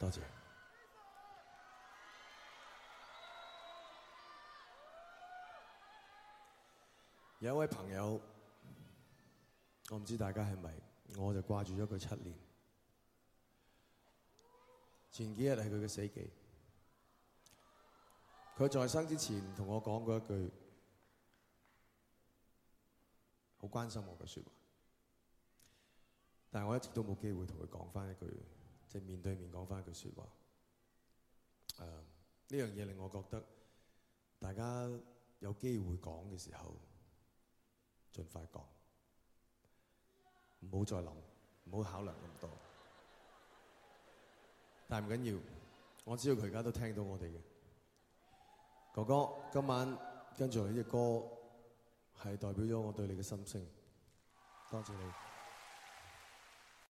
多謝，謝。有一位朋友，我唔知大家係咪，我就掛住咗佢七年。前幾日係佢嘅死忌，佢在生之前同我講過一句，好關心我嘅説話，但我一直都冇機會同佢講返一句。即係面對面講返句説話，誒呢樣嘢令我覺得大家有機會講嘅時候，盡快講，唔好再諗，唔好考量咁多。但係唔緊要，我知道佢而家都聽到我哋嘅哥哥，今晚跟住你隻歌係代表咗我對你嘅心聲，多謝你。